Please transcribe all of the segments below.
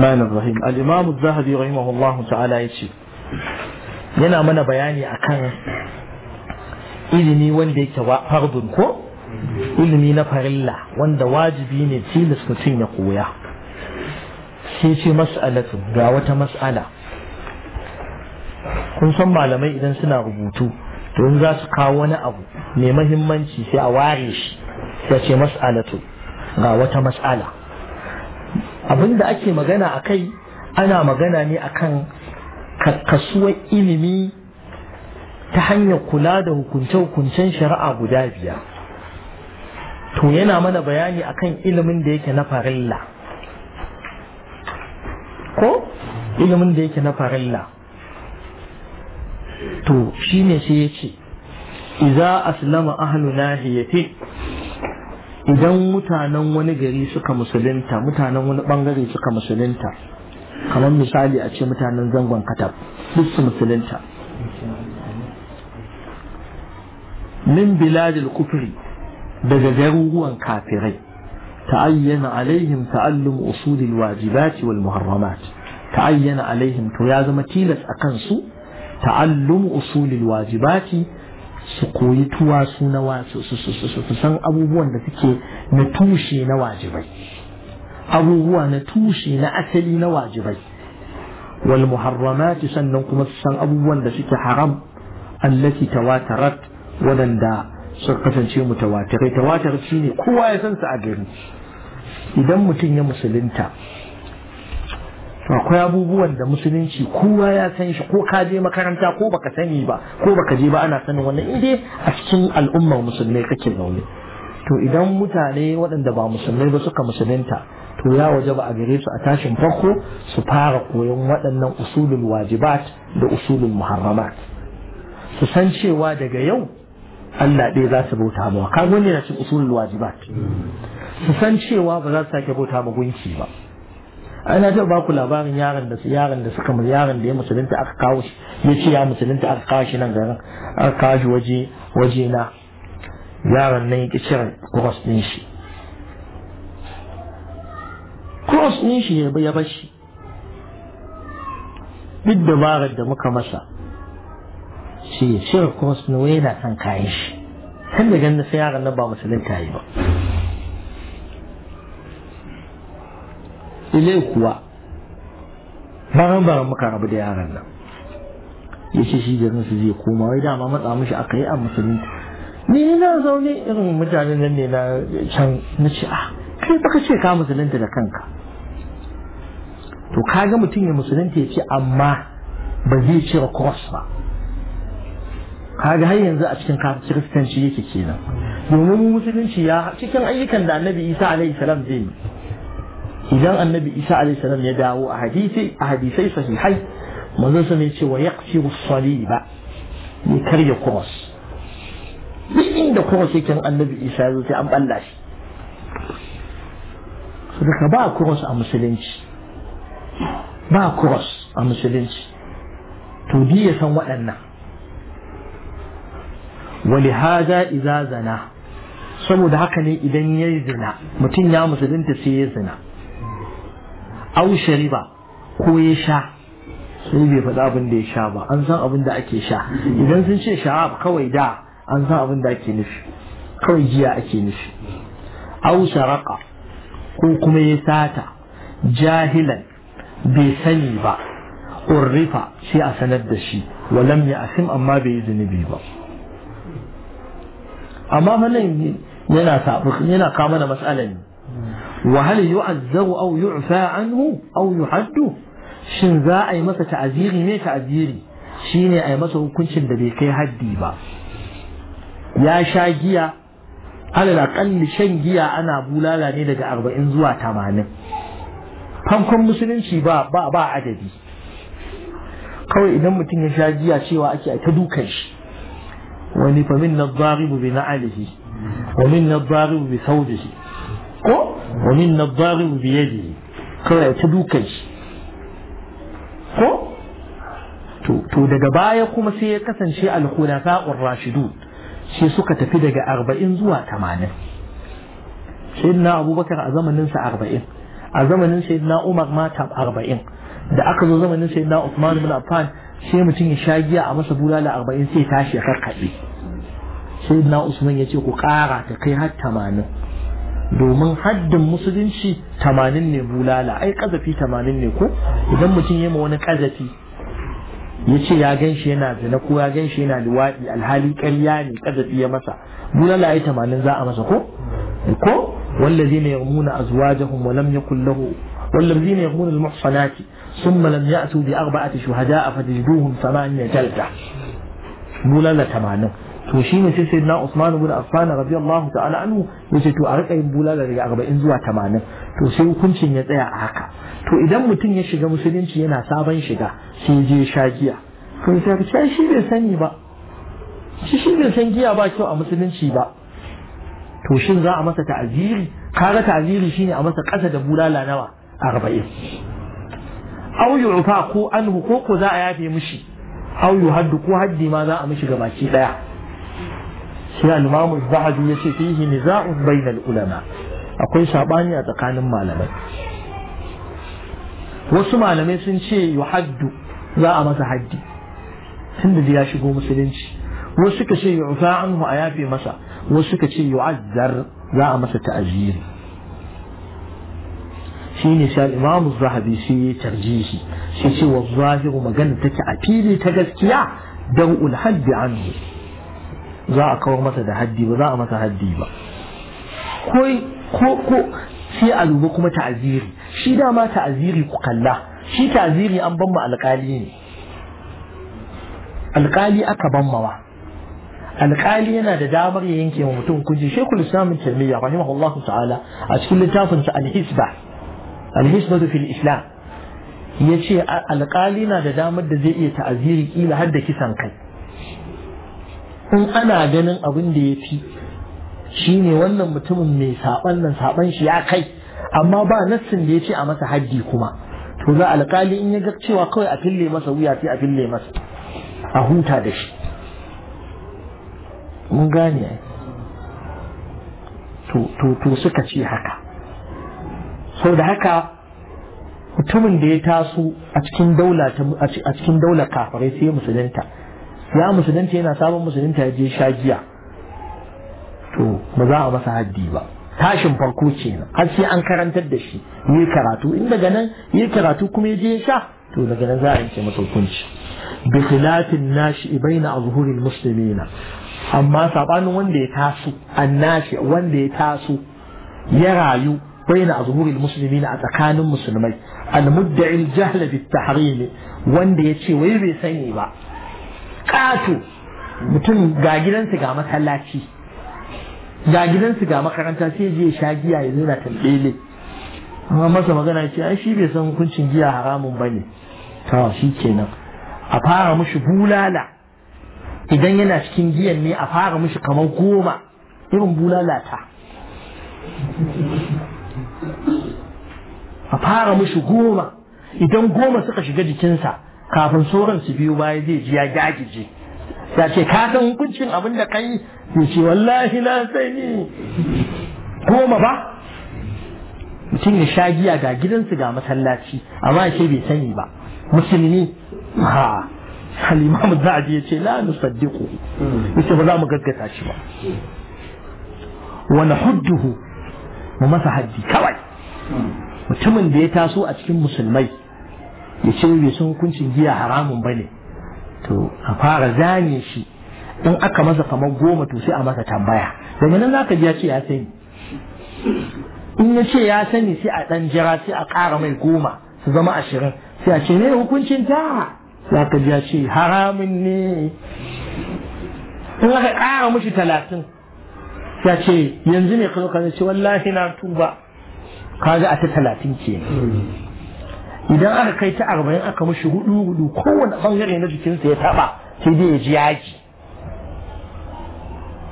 الرحمن الرحيم الإمام الذهبي رحمه الله yana mana bayani akan ilimi wanda yake fardun ko ilimi na farilla wanda wajibi ne tilas mutum ya koya sai ce mas'alatu ga wata mas'ala kun san malamai idan suna rubutu to in za su kawo wani abu mai mahimmanci sai a ware shi sai ce mas'alatu ga wata mas'ala Abin da ake magana a kai ana magana ne a kan kasuwar ilimi ta hanyar kula da hukunce-hukuncen shari'a guda biya. to yana mana bayani a kan ilimin da yake na farilla ko ilimin da yake na farilla to shi ne sai ya ce iza aslama ahlu nahiyatin idan mutanen wani gari suka musulunta mutanen wani bangare suka musulunta kamar misali a ce mutanen zangon katab duk su musulunta min biladil kufri daga garuruwan kafirai ta'ayyana alaihim ta'allum usulil wajibati wal muharramat ta'ayyana alaihim to ya zama tilas a kansu ta'allum usulil wajibati su koyi tuwa su na wasu su san abubuwan da suke na tushe na wajibai abubuwa na tushe na asali na wajibai wal muharramati sannan kuma su san abubuwan da suke haram allati tawatarat wadanda su kasance mutawatirai tawatar shine kowa ya san su a gari idan mutum ya musulunta akwai abubuwan da musulunci kowa ya san shi ko ka je makaranta ko baka sani ba ko baka je ba ana sanin wannan inda a cikin al'ummar musulmai kake zaune to idan mutane waɗanda ba musulmai ba suka musulunta to ya waje ba a gare su a tashin farko su fara koyon waɗannan usulul wajibat da usulun muharramat su san cewa daga yau Allah ɗaya za su bauta ba kaga wani na cin usulul wajibat su san cewa ba za su sake bauta ma gunki ba ana ta ba ku labarin yaron da yaron da suka mu yaron da ya musulunta aka kawo shi ya ce ya musulunta aka kawo shi nan garin aka kawo shi waje waje na yaron nan ya ki cire cross din shi cross din shi ya ya bashi duk dabarar da muka masa shi ya cire cross din wai yana kan kayan shi kan da ganin sai yaron nan ba musulunta yi ba ilai kuwa baran baran muka rabu da yaran nan ya ce shi jirgin su zai koma wai dama matsa mashi aka yi a musulunci ni na zaune irin mutanen nan ne na can na ce ah kai baka ce ka musulunta da kanka to kaga mutum ya musulunta ya ce amma ba zai cire cross ba Ka ga har yanzu a cikin kiristanci yake kenan domin musulunci ya cikin ayyukan da annabi isa alaihi salam zai yi idan annabi isa alaihi salam ya dawo a hadisi a hadisai sahihai manzo sun ce wa yaqfiru saliba ya karya cross duk inda cross yake annabi isa ya sai an balla shi saboda ba cross a musulunci ba cross a musulunci to di ya san waɗannan wali haza iza zana saboda haka ne idan ya zina mutum ya musulunta sai ya zina au shariba ko ya sha sun bai faɗa abin da ya sha ba an san abin da ake sha idan sun ce ba kawai da an san abin da ake nufi kawai jiya ake nufi au saraka ko kuma ya sata jahilan bai sani ba urrifa sai a sanar da shi walam ya asim amma bai yi zunubi ba amma fa yana kama da matsala ne وهل يعذر او يعفى عنه او يحد شن ذا اي متى تعذيري مي تعذيري شيني اي متى كنشن دبي كي حدي با يا شاجيا على الاقل شن جيا انا بولالا ني دجا 40 زوا 80 فانكم مسلمشي با با با عددي kawai idan mutum ya sha jiya cewa ake ta dukan shi wani famin na bari bu bi na alihi wani na bari bu bi saudi ko wa min nadari kawai ta dukan shi ko to daga baya kuma sai ya kasance al-khulafa'ur Rashidu sai suka tafi daga arba'in zuwa tamanin sayyidina abubakar a zamaninsa arba'in a zamanin sayyidina umar mata arba'in da aka zo zamanin sayyidina usman bin affan sai mutum ya sha giya a masa bulala arba'in sai tashi ya karkaɗe sayyidina usman ya ce ku ƙara ta kai har tamanin domin haddin musulunci 80 ne bulala ai kazafi 80 ne ko idan mutum ya ma wani kazafi ya ce ya gan shi yana zina ko ya gan shi yana luwaɗi alhali ƙarya ne kazafi ya masa bulala ai 80 za a masa ko ko wallazina والذين يرمون أزواجهم ولم يكن له والذين يرمون المحصنات ثم لم يأتوا بأربعة شهداء فتجدوهم ثمانية جلدة bulala 80 to shi ne sai sayyidina Usman ibn Affan radiyallahu ta'ala anhu yace to a rika yin bulala daga 40 zuwa 80 to sai hukuncin ya tsaya a haka to idan mutum ya shiga musulunci yana sabon shiga sai je sha giya to sai ka shi bai sani ba shi shi bai san giya ba kyau a musulunci ba to shin za a masa ta'aziri kaga ta'aziri shine a masa ƙasa da bulala nawa 40 aw yu'fa ko anhu ko ko za a yafe mishi aw yuhaddu ko haddi ma za a mishi gabaki daya sai al-imamu zahabi yace fihi niza'un bainal ulama akwai sabani a tsakanin malamai wasu malamai sun ce yuhaddu za a masa haddi tunda da ya shigo musulunci wasu suka ce yu'fa anhu a yafe masa wasu suka ce yu'azzar za a masa ta'aziri shine sai al-imamu zahabi shi ya tarjihi shi ce wa zahiru magana take a fili ta gaskiya dan ulhaddi anhu za a kawar masa da haddi ba za a masa haddi ba ko ko sai a dubi kuma ta'aziri shi dama ta'aziri ku kalla shi ta'aziri an ban alƙali ne alƙali aka ban mawa alƙali yana da damar ya yanke wa mutum kunji shekul islamin taimiyya rahimahullahu ta'ala a cikin littafinsa alhisba alhisba fil islam ya ce alƙali na da damar da zai iya ta'aziri kila har da kisan kai in ana ganin abin da ya fi shi ne wannan mutumin mai saɓan nan saɓan shi ya kai amma ba nassin da ya ce a masa haddi kuma to za alƙali in ya ga cewa kawai a fille masa wuya sai a fille masa a huta da shi mun gane to suka ce haka so da haka mutumin da ya taso a cikin daula kafirai sai musulunta ya musulunci yana sabon musulunta ya je sha giya to ba za a masa haddi ba tashin farko kenan har sai an karantar da shi yi karatu in daga nan yi karatu kuma ya je sha to daga nan za a yanke masa hukunci bi khilafin nashi baina azhuril muslimina amma sabanin wanda ya taso annashi wanda ya taso ya rayu بين أظهور المسلمين أتكان المسلمين المدعي الجهل بالتحريم وان دي يتشي ويبي سيني با ƙato mutum ga gidansu ga masallaci ga gidansu ga makaranta sai je sha giya ya nuna na tambele amma masa magana ce ai shi bai san hukuncin giya haramun bane to shi kenan a fara mushi bulala idan yana cikin giyan ne a fara mushi kamar goma irin bulala ta a fara mushi goma idan goma suka shiga jikinsa kafin tsoron su biyu baya zai ji ya gagije ya ce ka hukuncin abin da kai ya ce wallahi na sai ni. goma ba mutum ya sha giya ga gidansu ga masallaci amma ce bai sani ba musulmi ha za a ji ya ce la hmm. ya yace ba za mu gaggata shi ba Wani hudduhu mu masa haddi kawai hmm. mutumin da ya taso a cikin musulmai ya ce bai san hukuncin giya haramun ba ne to a fara zane shi in aka masa kamar goma to sai a masa tambaya daga nan zaka ji ya ce ya sani in ya ce ya sani sai a dan jira sai a ƙara mai goma su zama ashirin sai a ce ne hukuncin ta zaka ji ya ce haramun ne in aka ƙara mushi talatin ya ce yanzu ne kazo kaza ce wallahi na tuba kaga a ta talatin ke idan aka kai ta arba'in aka mashi hudu hudu kowane bangare na jikinsa ya taba sai dai ya ji yaji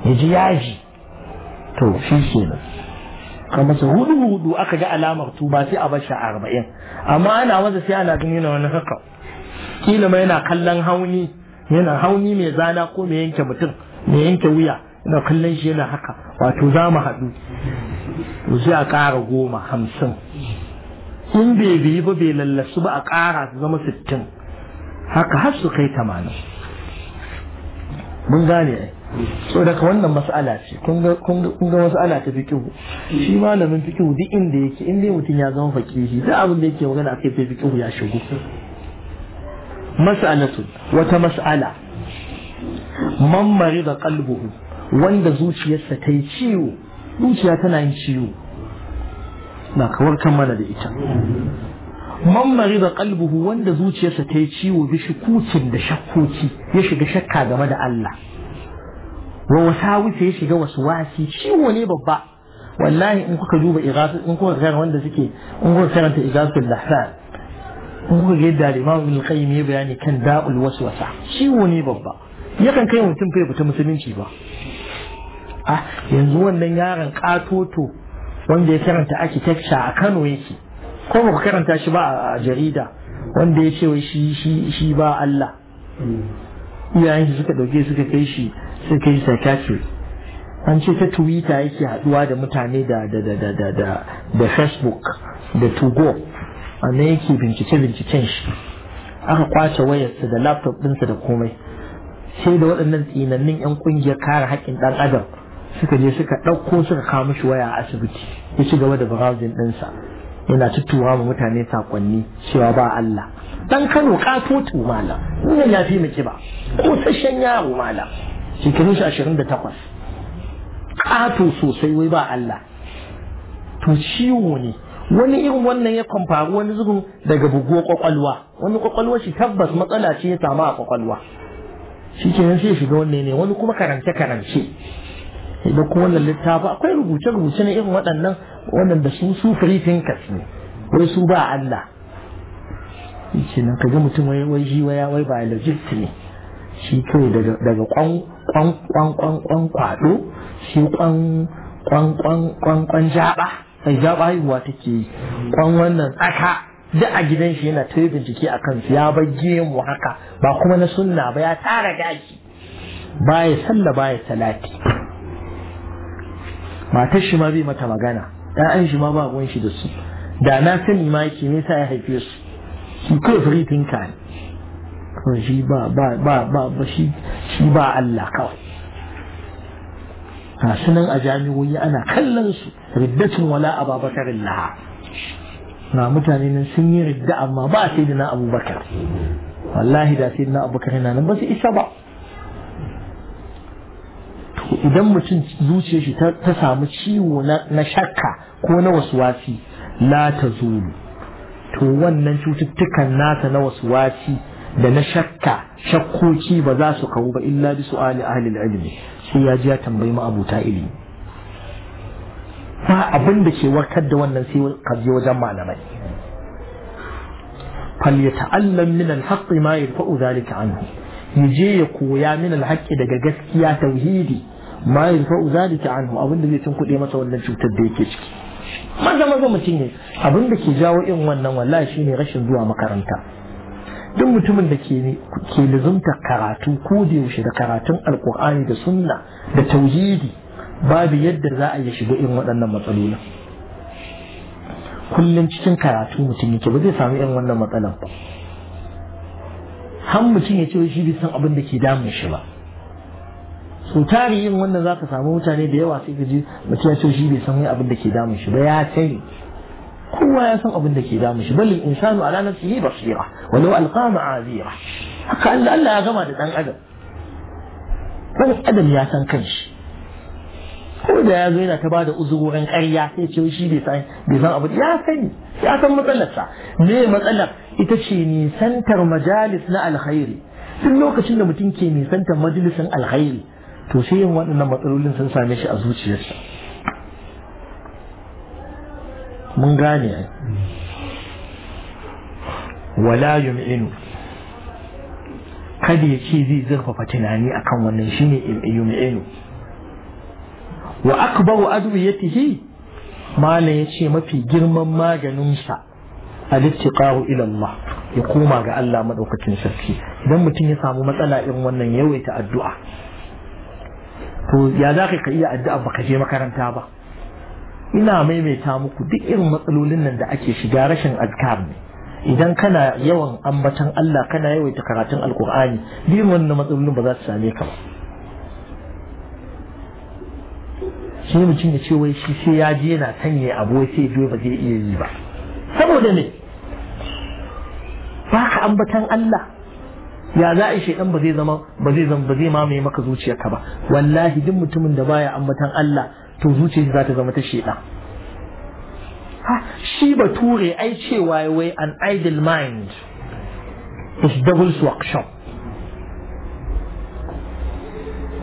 ya ji yaji to shi kenan ka masa hudu hudu aka ga alamar tuba sai a bashi arba'in amma ana maza sai ana gani na wani haka kila ma yana kallon hauni yana hauni mai zana ko mai yanke mutum mai yanke wuya yana kallon shi yana haka wato za mu haɗu to sai a ƙara goma hamsin in bai biyi ba bai lallasu ba a ƙara su zama sittin haka har su kai tamanin mun gane ai so daga wannan mas'ala ce kun ga mas'ala ta fiqhu shi malamin fiqhu duk inda yake in dai mutum ya zama fakihi duk abin da yake magana akai sai fiqhu ya shigo mas'alatu wata mas'ala man ga qalbuhu wanda zuciyarsa ta yi ciwo zuciya tana yin ciwo na kawar kan mana da ita man da qalbuhu wanda zuciyarsa ta yi ciwo bi shukukin da shakkoki ya shiga shakka game da Allah wa wasawisa ya shiga wasu wasi ciwo ne babba wallahi in kuka duba ighasu in kuka ga wanda suke in kuka karanta ighasul lahsan in kuka ga yadda Imam Ibn Qayyim ya bayani kan da'ul waswasa ciwo ne babba yakan kai mutum fa fita musulunci ba ah yanzu wannan yaron katoto wanda ya karanta architecture a Kano yake ko ba karanta shi ba a jarida wanda ya ce wai shi shi shi ba Allah iyayen shi suka dauke suka kai shi suka kai psychiatry an ce ta twitter yake haduwa da mutane da da da da da facebook da tugo a yake bincike binciken shi aka kwace wayarsa da laptop ɗinsa da komai sai da waɗannan tsinannin 'yan ƙungiyar kare haƙƙin ɗan adam suka je suka ɗauko suka kawo mashi waya a asibiti ya ci gaba da browsing ɗinsa yana tuttura ma mutane sakonni cewa ba Allah dan Kano tu malam wannan ya fi mu kiba ko sashen yaro malam shekarun 28 kato sosai wai ba Allah to ciwo ne wani irin wannan ya faru wani zubin daga bugu kwakwalwa wani kwakwalwa shi tabbas matsala ce ya samu a kwakwalwa shi kenan sai shiga wannan ne wani kuma karance karance idan kuma wannan littafi akwai rubuce-rubuce na irin waɗannan waɗanda su su free thinkers ne wai su ba Allah shi nan kaga mutum wai wai shi wai wai biologist ne shi kai daga daga kwan kwan kwan kwan kwan kwado shi kwan kwan kwan kwan kwan jaba sai jaba haihuwa take yi kwan wannan tsaka da a gidan shi yana ta bincike a kansu ya bar mu haka ba kuma na sunna ba ya tara gashi ya sallah ba ya salati matar shi ma zai mata magana ɗan shi ma ba ruwan shi da su da na sani ma yake me sa ya haife su shi kai free thinker ne shi ba ba ba ba ba shi shi ba Allah kawai ga sunan a jami'o'i ana kallon su riddatun wala ababakar laha na mutane nan sun yi ridda amma ba sai da na abubakar wallahi da sai na abubakar yana nan ba su isa ba idan mutum zuciyar shi ta samu ciwo na shakka ko na waswasi la ta zulu to wannan cututtukan nasa na waswasi da na shakka shakkoki ba za su kawo ba illa bi su'ali ahli ilmi sai ya ji ya tambayi ma'abuta ilimi ba abin da ke warkar da wannan sai ka je wajen malamai fal yata'allam min al-haqq ma yafu dhalika anhu yaje ya koya min al daga gaskiya tauhidi ma yarfa'u zalika anhu abinda zai tun kuɗe masa wannan cutar da yake ciki maza maza mutum ne abinda ke jawo irin wannan wallahi ne rashin zuwa makaranta duk mutumin da ke ke lazumta karatu ko da yaushe da karatun alkur'ani da sunna da tauhidi babu yadda za a yi shiga irin waɗannan matsalolin kullum cikin karatu mutum yake ba zai samu irin wannan matsalan ba har mutum ya ce shi bai san abin da ke damun shi ba so tari yin wannan ka samu mutane da yawa sai ka ji mutum ya shi bai san wani abin da ke damun shi ba ya sani kowa ya san abin da ke damun shi balin insanu ala nafsihi basira walau alqa ma'azira haka Allah Allah ya gama da dan adam dan adam ya san kanshi ko da ya zo yana ta bada uzurorin ƙarya sai ce shi bai san bai san abu ya sani ya san matsalarsa me matsalar ita ce nisantar majalis na alkhairi duk lokacin da mutum ke nisantar majalisin alkhairi to sai yin waɗannan matsalolin sun same shi a zuciyarsa mun gane wala yum'inu kada ya ce zai zurfafa tunani akan wannan shine yum'inu wa akbaru adwiyatihi malam ya ce mafi girman maganinsa al-ittiqahu ila Allah ya koma ga Allah madaukakin sarki idan mutum ya samu matsala irin wannan yawaita addu'a to ya za ka iya addu'a ba ka je makaranta ba ina maimaita muku duk irin matsalolin nan da ake shiga rashin azkar ne idan kana yawan ambatan Allah kana yawaita karatun alkur'ani duk wannan matsalolin ba za su same ka ba shi mutum ya ce wai shi sai ya je na sanya abu sai je ba zai iya yi ba saboda ne ba ka ambatan Allah ya za a shaidan ba zai zama ba zai zama ba zai mamaye maka zuciyarka ba wallahi duk mutumin da baya ambatan Allah to zuciyarsa za ta zama ta shaidan ha shi bature ai cewa wai an idle mind is double workshop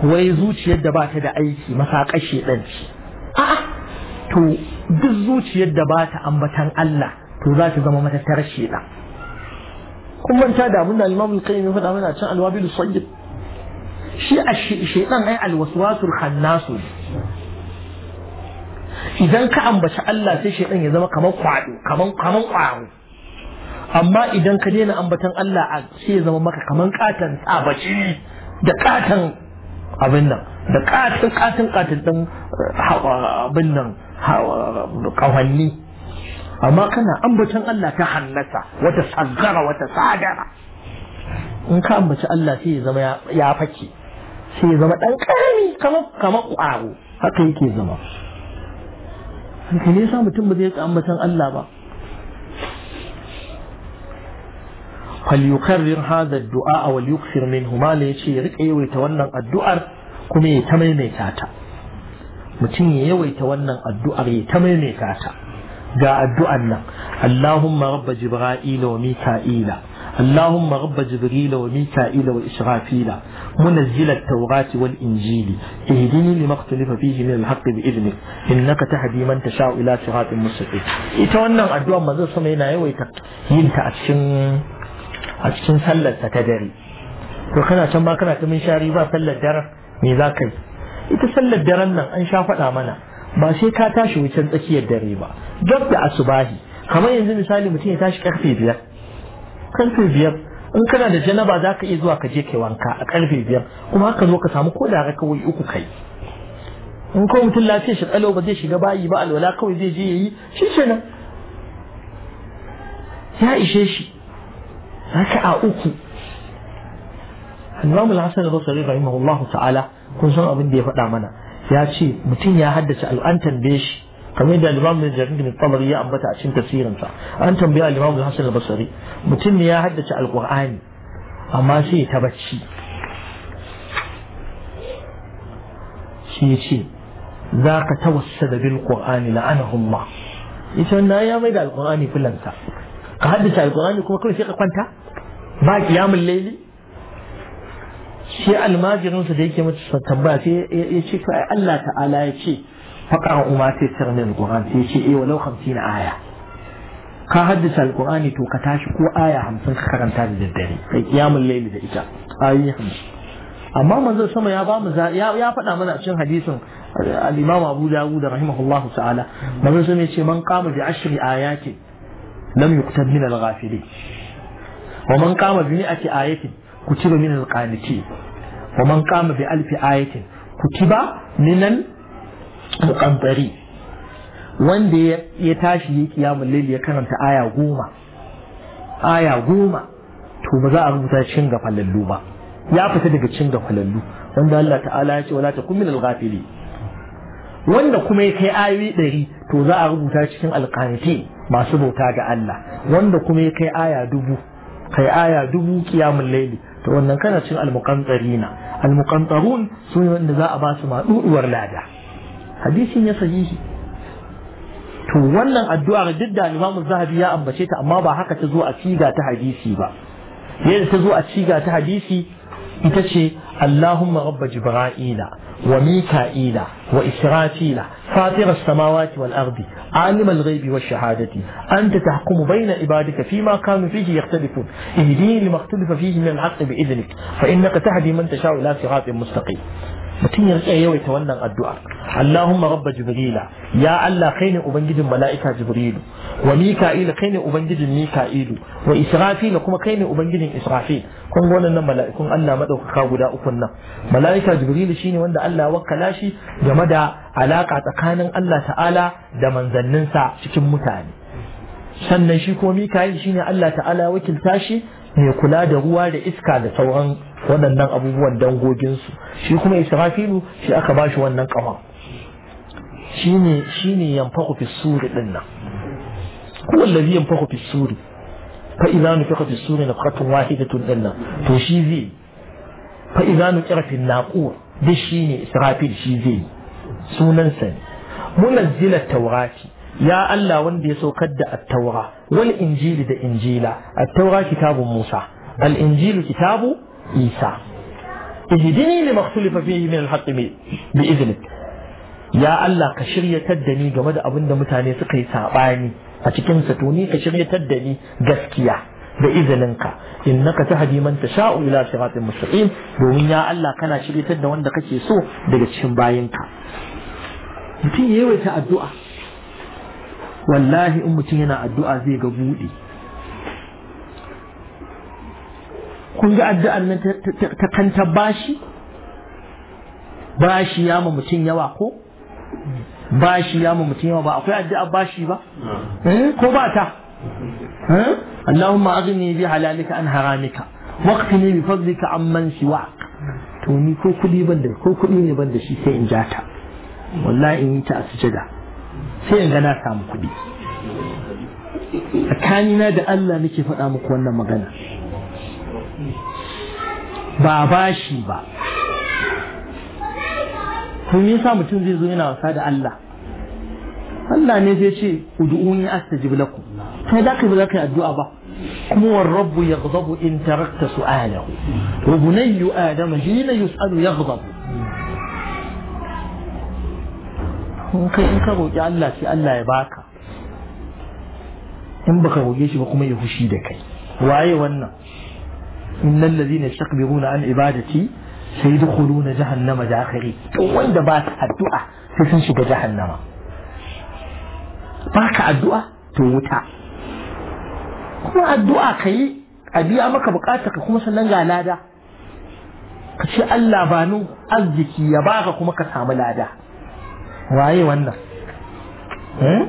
wai zuciyar da ba ta da aiki masaka shaidan ce to duk zuciyar da ba ta ambatan Allah to za ta zama matattarar shaidan kun manta da mun da Imam al-Qayyim ya faɗa mana can al-wabil sayyid shi ash-shaytan ai al-waswasul khannas idan ka ambaci Allah sai shaytan ya zama kamar kwado kamar kamar kwaro amma idan ka daina ambatan Allah sai ya zama maka kamar katan tsabaci da katan abin nan da katan katan katan din abin nan kawanni amma kana ambatan Allah ta hannasa wata tsagara wata sadara in ka ambaci Allah sai ya zama ya fake sai ya zama dan karami kamar kamar kwaro haka yake zama haka ne sa mutum ba zai ka ambatan Allah ba فليكرر هذا الدعاء وليكثر منه ما ليشي يرك yawaita wannan addu'ar kuma ya ta maimaita ta mutum ya yawaita wannan addu'ar ya ta maimaita ta ga addu’an nan Allahumma rabba Jibra’ila wa Mika’ila Allahumma rabba Jibrila wa Mika’ila wa Ishrafila muna zilar taurati wal injili ihdini li maktulifa fihi min alhaq bi idnik innaka tahdi man tasha'u ila siratin mustaqim ita wannan addu’an manzo sama yana yawaita yin ta a a cikin sallar ta ta dare to kana can ma kana ta min shari ba sallar dare me za ka ita sallar daren nan an sha faɗa mana ba sai ka tashi wucin tsakiyar dare ba duk da asubahi kamar yanzu misali mutum ya tashi karfe biyar karfe biyar in kana da janaba za ka iya zuwa ka je kai wanka a karfe biyar kuma haka zo ka samu ko da raka wai uku kai in ko mutum lafiya shi tsalo ba zai shiga bayi ba alwala kawai zai je yayi shi kenan ya ishe shi a uku Imam Al-Hasan rahimahullahu ta'ala kun san abin da ya faɗa mana ya ce mutum ya haddace an tambaye shi kamar da al-Imam Ibn Jarir bin Tabari ya ambata a cikin tafsirin sa an tambaye al-Imam hasan al-Basri mutum ne ya haddace al-Qur'ani amma sai ta bacci shi ce za ka tawassada bil Qur'ani ma ita na ya mai da al-Qur'ani fulanta ka haddace al-Qur'ani kuma kawai sai ka kwanta ba kiyamul layli shi almajirin su da yake mata tambaya ce ya ce to ai Allah ta'ala ya ce faqara umma ta tsira min alquran sai ya ce eh walau 50 aya ka haddasa alqurani to ka tashi ko aya 50 ka karanta da daddare kai kiyamul layli da ita ayi 50 amma manzo sama ya ba mu ya faɗa mana cikin hadisin al-imam Abu Dawud rahimahullahu ta'ala manzo sama ya ce man qama bi ashri ayati lam yuqtab min al-ghafilin ومن قام بمئة آية كتب من القانتين wa man qama bi alfi ayatin kutiba minan muqaddari wanda ya tashi ya kiyamul layl ya karanta aya goma aya goma to ba za a rubuta cin gafalallu ba ya fita daga cin gafalallu wanda Allah ta'ala ya ce wala ta min al-ghafili wanda kuma ya kai ayoyi ɗari to za a rubuta cikin alƙanite masu bauta ga Allah wanda kuma ya kai aya dubu kai aya dubu kiyamun laili to wannan kana cin almuqantarina almuqantarun su ne wanda za a ba su ma lada hadisin ya sahihi to wannan addu'ar duk da Imam Zahabi ya ambace ta amma ba haka ta zo a ciga ta hadisi ba yadda ta zo a ciga ta hadisi ita ce Allahumma rabba Jibra'ila wa Mika'ila wa Israfila fatir as-samawati wal ardi alim al-ghaybi wash shahadati anta tahkumu bayna ibadika fi ma kanu fihi yakhtalifun ihdini lima ikhtalafa fihi min al-haqq bi idnik fa innaka tahdi man tasha'u ila siratin mustaqim mutum ya rike yawaita wannan addu'a Allahumma rabba jibrila ya Allah kai ne ubangijin mala'ika jibrilu wa mika'ila kai ne ubangijin mika'ilu wa israfil kuma kai ne ubangijin israfil kun ga wannan mala'ikun Allah madaukaka guda uku nan mala'ika jibrilu shine wanda Allah wakkala shi game da alaka tsakanin Allah ta'ala da manzanninsa cikin mutane sannan shi ko mika'il shine Allah ta'ala wakilta shi mai kula da ruwa da iska da sauran waɗannan abubuwan dangoginsu shi kuma israfilu shi aka ba shi wannan ƙafa Shi ne yamfa ku fisuri ɗin nan ko allazi yanfaku fi suri fa idza nufika fi suri nafqatun wahidatun ɗin nan to shi zai fa idza nufika fi naqur da ne israfil shi zai ne. Munan munazzilat taurati يا الله وندي سوكد التوراة والإنجيل ده إنجيلا التوراة كتاب موسى الإنجيل كتاب عيسى اهدني لما فيه من الحق بإذنك يا الله كشرية تدني جمد أبن ده متاني سقي سعباني أتكن ستوني كشرية تدني جسكيا بإذنك إنك تهدي من تشاء إلى صراط المستقيم ومن يا الله كان شرية تدني وندك يسوع دقت شمباينك يتيه ويتأدوه wallahi in mutum yana addu'a zai ga buɗe kun ga addu'ar nan ta kanta bashi bashi ya ma mutum yawa ko bashi ya ma mutum yawa ba akwai addu'a bashi ba eh, ko ba ta eh? Allahumma aghni bi halalika an haramika waqtini bi fadlika amman siwak to ni ko kudi ban da ko kudi ne ban da shi sai in jata wallahi in yi ta a sujada sai in ga na samu kuɗi tsakanina da Allah nake faɗa muku wannan magana ba bashi ba to me yasa mutum zai zo yana wasa da Allah Allah ne zai ce ud'uni astajib lakum sai da kai ba za ka yi addu'a ba kuma war rabbu yaghdabu in tarakta su'alahu wa bunayyu adama hina yus'alu yaghdabu in kai in ka roƙi Allah sai Allah ya baka in baka roƙe shi ba kuma ya fushi da kai waye wannan innal ladina yastakbiruna an ibadati sayadkhuluna jahannama dakhiri to wanda ba ka addu'a sai sun shiga jahannama ba ka addu'a to wuta kuma addu'a kai a biya maka bukatar ka kuma sannan ga lada ka ce Allah ba nu arziki ya baka kuma ka samu lada waye wannan eh?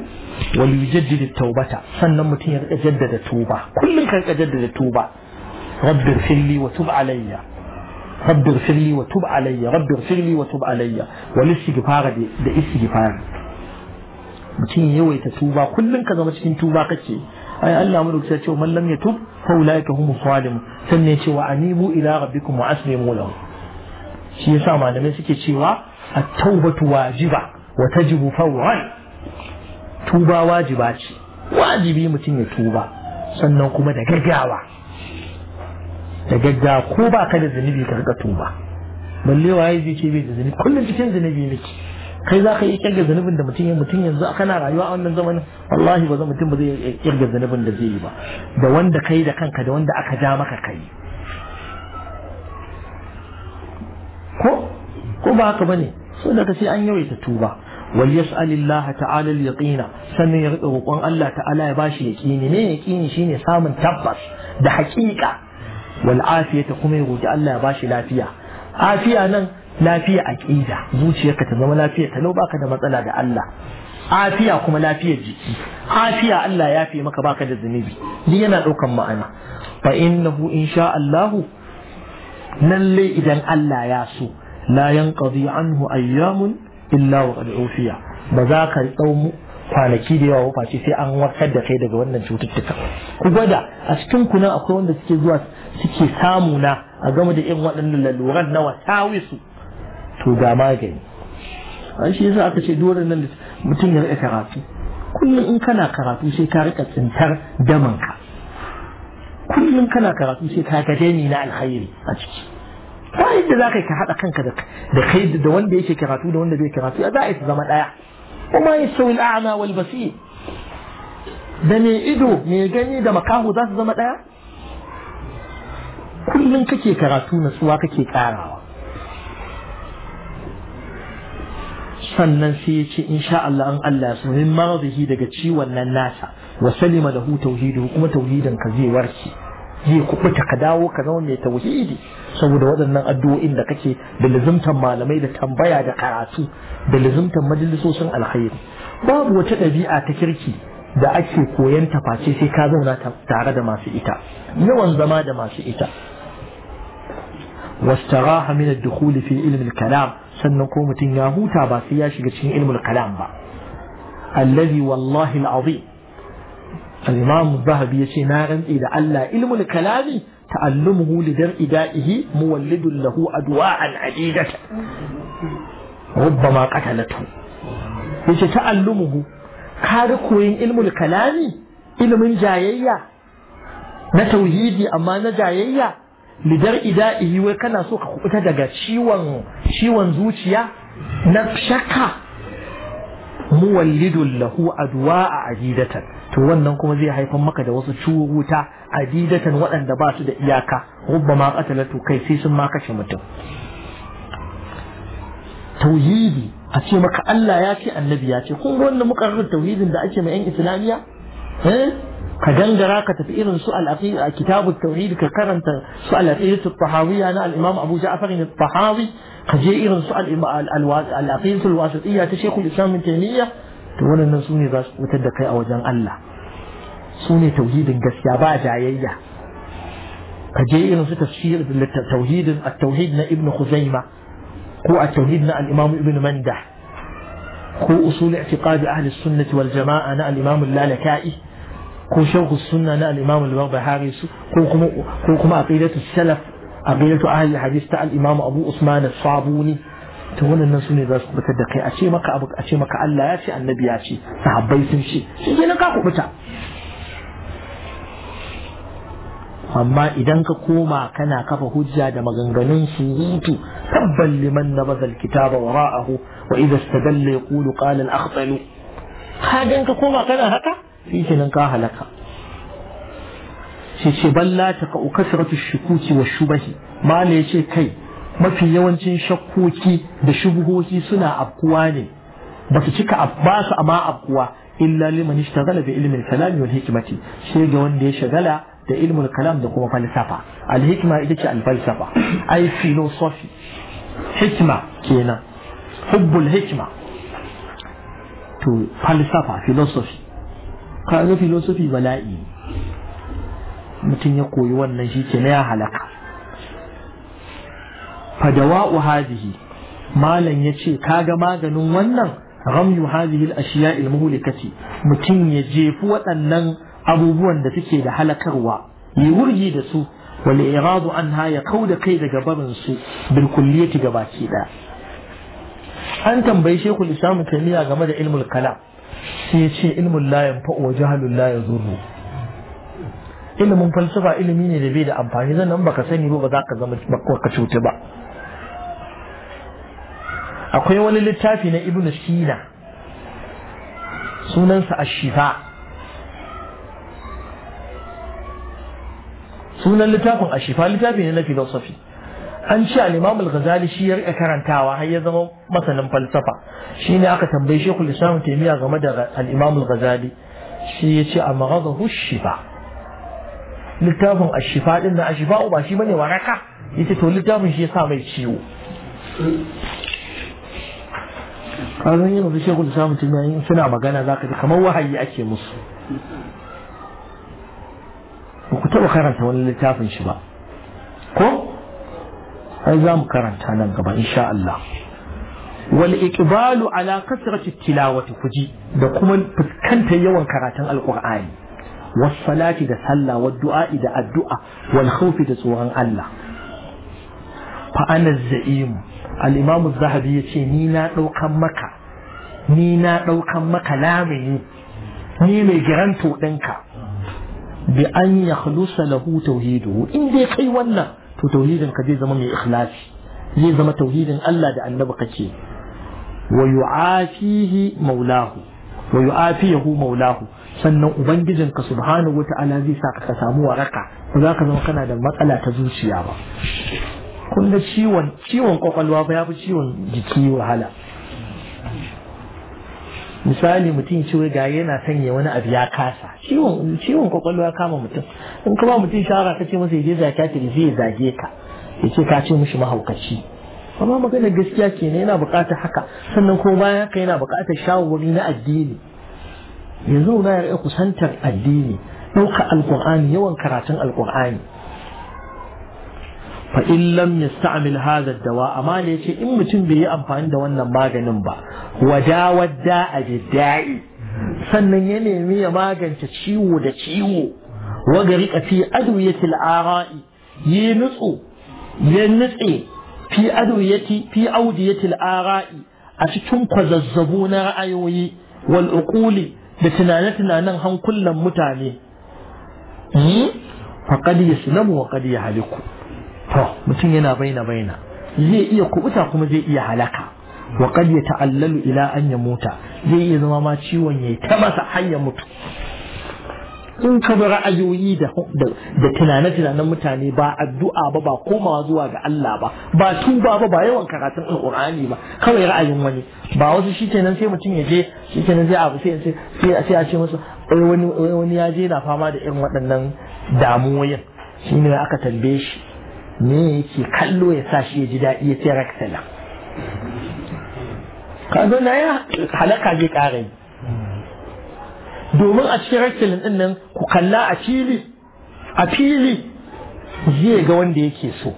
wal yujaddidu taubata sannan mutum ya rika jaddada tuba kullum ka rika jaddada tuba Rabbir firli wa tub alayya Rabbir firli wa tub alayya Rabbir firli wa tub alayya wal istighfar da istighfar mutum ya yawaita tuba kullum ka zama cikin tuba kake ai Allah mu ya ce man lam yatub fa ulaika humus salim sannan ya ce wa anibu ila rabbikum wa aslimu lahu shi yasa malamai suke cewa at-taubatu wajiba wa tajibu fawran tuba wajiba ce wajibi mutum ya tuba sannan kuma da gaggawa da gaggawa ko ba ka da zunubi ka rika tuba balle waye zai ce bai da zunubi kullum cikin zunubi nake kai za ka yi kirga zunubin da mutum ya mutum yanzu kana rayuwa a wannan zamanin wallahi ba zan mutum ba zai kirga zunubin da zai yi ba da wanda kai da kanka da wanda aka ja maka kai ko ko ba haka bane so da sai an yawaita tuba وليسأل الله تعالى اليقين سنة يرقه قوان الله تعالى يباشي يقيني ما يقيني شيني سامن تبس ده حقيقة والعافية قوم يرجع الله يباشي لا فيها عافية نن لا فيها أكيدة زوجي يكتن وما لا فيها تلو باك ده مسألة ده الله عافية كما لا فيها جيكي عافية الله يافي مك باك ده زنيبي لينا لوكم معنا فإنه إن شاء الله نلي إذا الله ياسو لا ينقضي عنه أيام illa wa al'ufiya ba za ka dau kwanaki da yawa ce sai an warkar da kai daga wannan cututtuka ku gwada a cikin ku nan akwai wanda suke zuwa suke samu na a game da irin waɗannan laluran na wasawisu to ga magani an shi yasa aka ce dole nan mutum ya rika karatu kullum in kana karatu sai ka rika tsintar daman damanka kullum kana karatu sai ka gaje ni na alkhairi a ciki ba yadda za ka haɗa kanka da kai da wanda yake karatu da wanda bai karatu za a yi zama ɗaya kuma ya sauyi al'ama wal basi. da mai ido mai gani da makaho za su zama ɗaya kullum kake karatu natsuwa kake ƙarawa sannan sai ya ce insha Allah an Allah su min maradihi daga ciwon nan nasa wa salima hu tauhidu kuma tauhidin ka zai warke zai kubuta ka dawo ka zama mai tauhidi saboda waɗannan addu'o'in da kake da lazumtan malamai da tambaya da karatu da lazumtan majalisoshin alkhairi babu wata ɗabi'a ta kirki da ake koyan face sai ka zauna tare da masu ita yawan zama da masu ita واستراح من الدخول في علم الكلام سنكون متن ياهوتا باسيا شيء علم الكلام با الذي والله العظيم الإمام الذهبي يشي نارا إذا ألا علم الكلام تعلمه لدرء دائه مولد له أدواء عديدة ربما قتلته يجي تعلمه كاركو علم الكلام علم جايية نتوهيد أما جايية لدرء دائه وكان سوق أتدقى شيوان شيوان زوشيا نفشكا مولد له أدواء عديدة to wannan kuma zai haifar maka da wasu cuwuta adidatan waɗanda ba su da iyaka rubba ma qatalatu kai sai sun ma kashe mutum tauhidi a ce maka Allah ya ce annabi ya ce kun wannan mukarrar tauhidin da ake ma yan islamiya eh ka dangara ka tafi irin su al-aqida a kitabut tauhid ka karanta su al-aqidatu tahawiyya na al-imam Abu Ja'far al-Tahawi ka je irin su al-aqidatu al-wasitiyya ta Sheikhul Islam Ibn Taymiyyah to wannan su ne za su kutar da kai a wajen Allah sune tauhidin gaskiya ba jayayya ka je irin su tafsir da tauhidin at-tauhid na ibnu Khuzaima ko at-tauhid na al-Imam Ibn Manda ko usul i'tiqad ahli sunnah wal jama'a na al-Imam Al-Lalakai ko shawku sunnah na al-Imam al bahari su ko kuma ko kuma aqidatu salaf aqidatu ahli hadith ta al-Imam Abu Usman As-Sabuni ta wannan su ne za su kubutar da kai a ce maka abu a ce maka Allah ya ce annabi ya ce sahabbai sun ce shi kenan ka kubuta amma idan ka koma kana kafa hujja da maganganun surutu tabban liman na bazal kitaba wa ra'ahu wa idza istadalla yaqulu qala al-akhtalu kagan ka koma kana haka shi kenan ka halaka shi ce balla ta ka ukasratu shukuki wa shubahi mala yace kai mafi yawancin shakkoki da shubuhohi suna afkuwa ne ba su cika ba su amma afkuwa illa liman ishtaghala bi ilmin kalam wal hikmati shi ga wanda ya shagala da ilmin kalam da kuma falsafa al-hikma ita ce al-falsafa ai philosophy hikma kenan hubbul hikma to falsafa philosophy ka philosophy bala'i mutum ya koyi wannan shi ke na ya halaka fadawa'u Hazihi, malam yace ga maganin wannan ramyu hadhihi al-ashiya al-muhlikati mutum ya jefi waɗannan abubuwan da suke da halakarwa Yi wurgi da su wal iradu anha ya kauda kai daga barin su bil kulliyati gabaki daya an tambayi shekul islam taymiya game da ilmul kala. sai ya ce ilmul la yanfa'u wa jahlul la yadhurru ilimin falsafa ilimi ne da bai da amfani sannan nan baka sani ba za ka zama baka cuta ba akwai wani littafi na ibn sina sunansa ashifa sunan littafin ashifa littafi ne na filosofi an ce al-imam al-ghazali shi ya rika karantawa har ya zama masanin falsafa shine aka tambaye shekul islam taymiya game da al-imam al-ghazali shi ya ce a maghadahu shifa littafin ashifa din na ashifa ba shi bane waraka yace to littafin shi ya sa mai ciwo kaga irin su shekul samun tunani suna magana za ka ji kamar wahayi ake musu ba ku taɓa karanta wani littafin shi ba ko ai za mu karanta nan gaba insha Allah wal iqbalu ala kasrati tilawati kuji da kuma fuskantar yawan karatun alqur'ani was salati da sallah wad du'a da addu'a wal khawfi da tsoron Allah fa ana za'im الإمام الذهبي يقول نينا دوكان مكة نينا دوكان مكة لا مني نيمي جرانتو دنكا بأن يخلص له توحيده إن دي كي ونا تو توحيدا كدي زمان إخلاص زي زمان توحيدا ألا دي أن نبقكي ويعافيه مولاه ويعافيه مولاه سنة أبنجزنك سبحانه وتعالى زي ساقك ساموه ركع وذاك زمان كان هذا المطألة تزوشي يا رب kun ciwon ciwon kwakwalwa ba ya fi ciwon jiki wahala misali mutum ciwo ga yana sanya wani abu ya kasa ciwon ciwon kwakwalwa kama mutum in kuma mutum shawara ka ce masa ya je zaka ta zai zage ka ya ce ka ce mishi mahaukaci amma maganar gaskiya kenan yana bukatar haka sannan ko bayan haka yana bukatar shawarwari na addini yanzu na ya kusantar addini Ɗauka alƙur'ani yawan karatun alƙur'ani فإن لم يستعمل هذا الدواء ما ليش إن متن بي أنفان دواء نبا جنبا وداوة الداء جدائي سنن ينمي ماغا تشيو تشيو وقرئ في أدوية الآراء ينسو ينسي في أدوية في أودية الآراء أشتم قز الزبون رأيوي والأقول بتنانتنا ننهم كل متاني فقد يسلم وقد يهلكوا to mutum yana baina baina zai iya kubuta kuma zai iya halaka wa qad yata'allalu ila an yamuta zai iya zama ma ciwon yayi ta masa har mutu in ka bi ra'ayoyi da da tunane tunanen mutane ba addu'a ba ba komawa zuwa ga Allah ba ba tuba ba ba yawan karatun alqur'ani ba kawai ra'ayin wani ba wasu shikenan sai mutum ya je shikenan zai abu sai sai sai a ce masa wani wani ya je na fama da irin waɗannan damuwoyin shine aka tambaye shi me yake kallo ya sa shi ya ji daɗi ya ce raksala Kazo na ya halaka zai ƙara yi domin a cikin raktalin ɗin nan ku kalla a fili a fili zai ga wanda yake so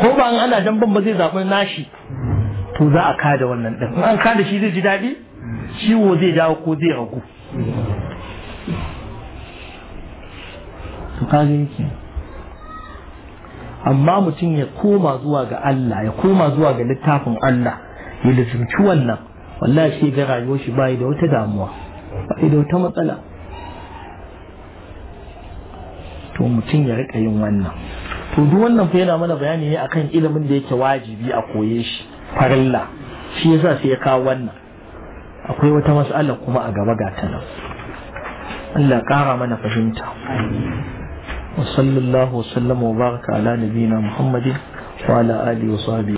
ko ba an ana damban ba zai zaɓi nashi to za a kada wannan ɗin an kada shi zai ji daɗi ciwo zai dawo ko zai ragu to kaga yake amma mutum ya koma zuwa ga Allah ya koma zuwa ga littafin Allah ya lissimci wannan wallahi shi ga rayuwar shi bai da wata damuwa bai da wata matsala to mutum ya rika yin wannan to duk wannan fa yana mana bayani ne akan ilimin da yake wajibi a koye shi farilla shi yasa sai ya kawo wannan akwai wata mas'ala kuma a gaba ga ta nan Allah ƙara mana fahimta. وصلى الله وسلم وبارك على نبينا محمد وعلى آله وصحبه